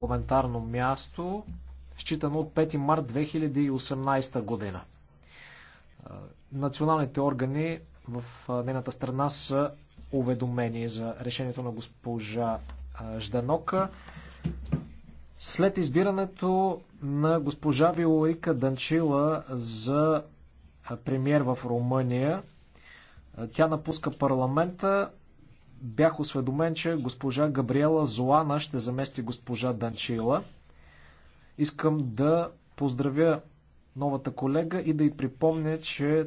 коментарно място, считано от 5 март 2018 година. Националните органи в нейната страна са уведомени за решението на госпожа Жданока. След избирането на госпожа Вилоика Данчила за премьер в Румъния, тя напуска парламента бях осведомен, че госпожа Габриела Зоана ще замести госпожа Данчила. Искам да поздравя новата колега и да й припомня, че